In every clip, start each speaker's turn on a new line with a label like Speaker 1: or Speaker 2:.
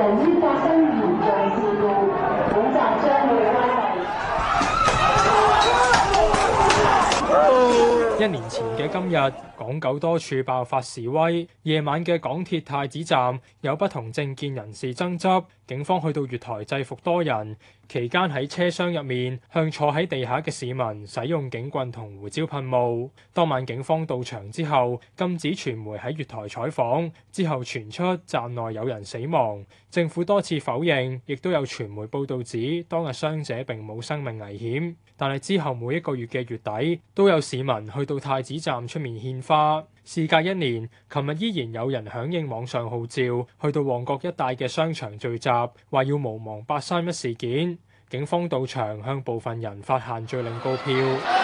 Speaker 1: 一年前嘅今日，港九多處爆發示威，夜晚嘅港鐵太子站有不同政見人士爭執。警方去到月台制服多人，期間喺車廂入面向坐喺地下嘅市民使用警棍同胡椒噴霧。當晚警方到場之後禁止傳媒喺月台採訪，之後傳出站內有人死亡。政府多次否認，亦都有傳媒報道指當日傷者並冇生命危險，但係之後每一個月嘅月底都有市民去到太子站出面獻花。事隔一年，琴日依然有人響應網上號召，去到旺角一帶嘅商場聚集，話要無忘八三一事件。警方到場向部分人發限聚令告票。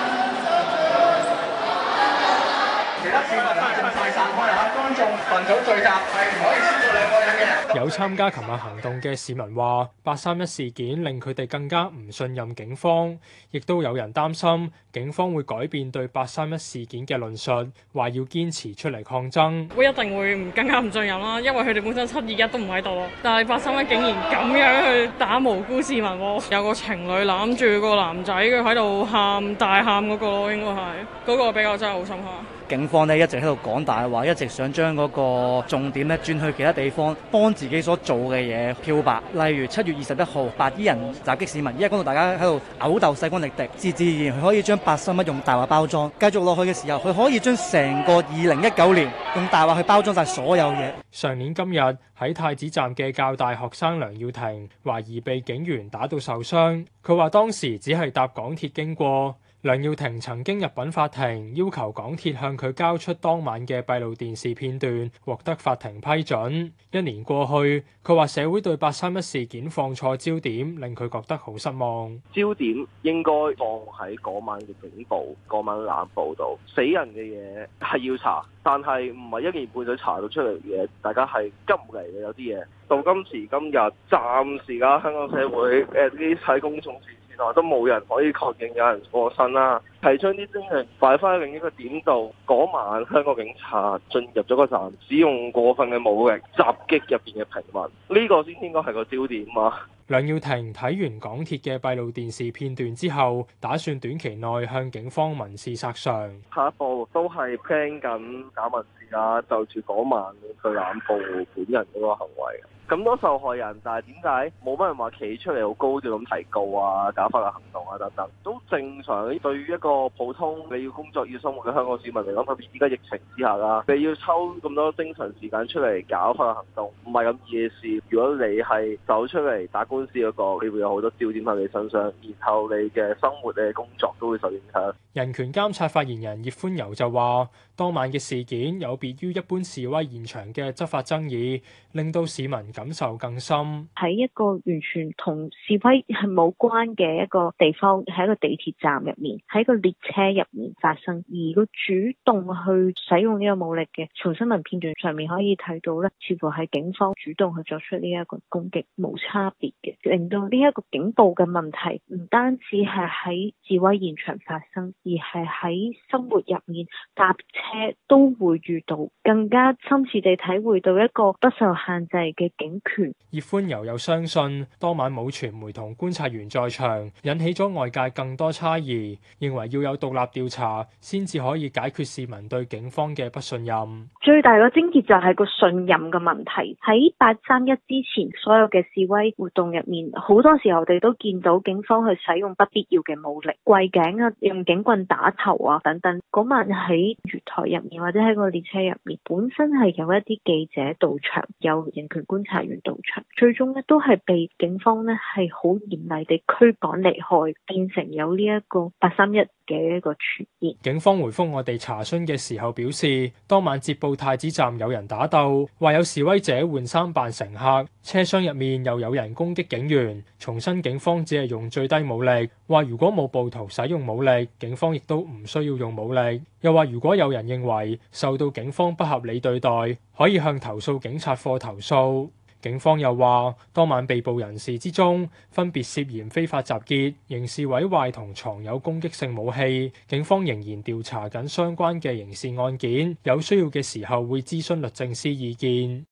Speaker 1: 有參加琴日行動嘅市民話：八三一事件令佢哋更加唔信任警方，亦都有人擔心警方會改變對八三一事件嘅論述，話要堅持出嚟抗爭。會一定會唔更加唔信任啦，因為佢哋本身七二一都唔喺度。但係八三一竟然咁樣去打無辜市民喎。有個情侶攬住個男仔，佢喺度喊，大喊嗰個應該係嗰個比較真係好深刻。警方呢一直喺度講大話，一直想將嗰個重點呢轉去其他地方，幫自己所做嘅嘢漂白。例如七月二十一號，白衣人襲擊市民，依家講到大家喺度嘔鬥，勢均力敵，自自然然佢可以將白新聞用大話包裝。繼續落去嘅時候，佢可以將成個二零一九年用大話去包裝晒所有嘢。上年今日喺太子站嘅教大學生梁耀庭，懷疑被警員打到受傷，佢話當時只係搭港鐵經過。梁耀廷曾經入禀法庭，要求港鐵向佢交出當晚嘅閉路電視片段，獲得法庭批准。一年過去，佢話社會對八三一事件放錯焦點，令佢覺得好失望。
Speaker 2: 焦點應該放喺嗰晚嘅警暴、嗰晚冷報度。死人嘅嘢係要查，但係唔係一年半載查到出嚟嘅。大家係急唔嚟嘅，有啲嘢到今時今日，暫時啊，香港社會誒啲睇公眾原來都冇人可以確認有人過身啦，提出啲精神擺翻喺另一個點度。嗰晚香港警察進入咗個站，使用過分嘅武力襲擊入邊嘅平民，呢、這個先應該係個焦點啊！
Speaker 1: 梁耀廷睇完港鐵嘅閉路電視片段之後，打算短期內向警方民事索償。下
Speaker 2: 一步都係 plan 緊假民事啊，就住嗰晚佢濫暴本人嗰個行為。咁多受害人，但係點解冇乜人話企出嚟好高調咁提告啊，搞法律行動啊等等，都正常。對於一個普通你要工作要生活嘅香港市民嚟講，特別依家疫情之下啦，你要抽咁多精神時間出嚟搞法律行動，唔係咁易嘅事。如果你係走出嚟打官司嗰個，你會有好多焦點喺你身上，然後你嘅生活、你嘅工作都會受影響。
Speaker 1: 人權監察發言人葉歡游就話，當晚嘅事件有別於一般示威現場嘅執法爭議，令到市民，感受更深，
Speaker 3: 喺一個完全同示威係冇關嘅一個地方，喺一個地鐵站入面，喺個列車入面發生，而個主動去使用呢個武力嘅，從新聞片段上面可以睇到咧，似乎係警方主動去作出呢一個攻擊冇差別嘅，令到呢一個警暴嘅問題唔單止係喺示威現場發生，而係喺生活入面搭車都會遇到，更加深切地體會到一個不受限制嘅。警權
Speaker 1: 葉歡遊又相信，當晚冇傳媒同觀察員在場，引起咗外界更多猜疑，認為要有獨立調查，先至可以解決市民對警方嘅不信任。
Speaker 3: 最大個症結就係個信任嘅問題。喺八三一之前所有嘅示威活動入面，好多時候我哋都見到警方去使用不必要嘅武力，跪頸啊，用警棍打頭啊等等。嗰晚喺月台入面或者喺個列車入面，本身係有一啲記者到場，有人權觀察查員到場，最終咧都係被警方咧係好嚴厲地驅趕離開，變成有呢一個八三一嘅一個傳
Speaker 1: 言。警方回復我哋查詢嘅時候表示，當晚接報太子站有人打鬥，話有示威者換衫扮乘客，車廂入面又有人攻擊警員。重申警方只係用最低武力，話如果冇暴徒使用武力，警方亦都唔需要用武力。又話如果有人認為受到警方不合理對待，可以向投訴警察課投訴。警方又話，當晚被捕人士之中，分別涉嫌非法集結、刑事毀壞同藏有攻擊性武器。警方仍然調查緊相關嘅刑事案件，有需要嘅時候會諮詢律政司意見。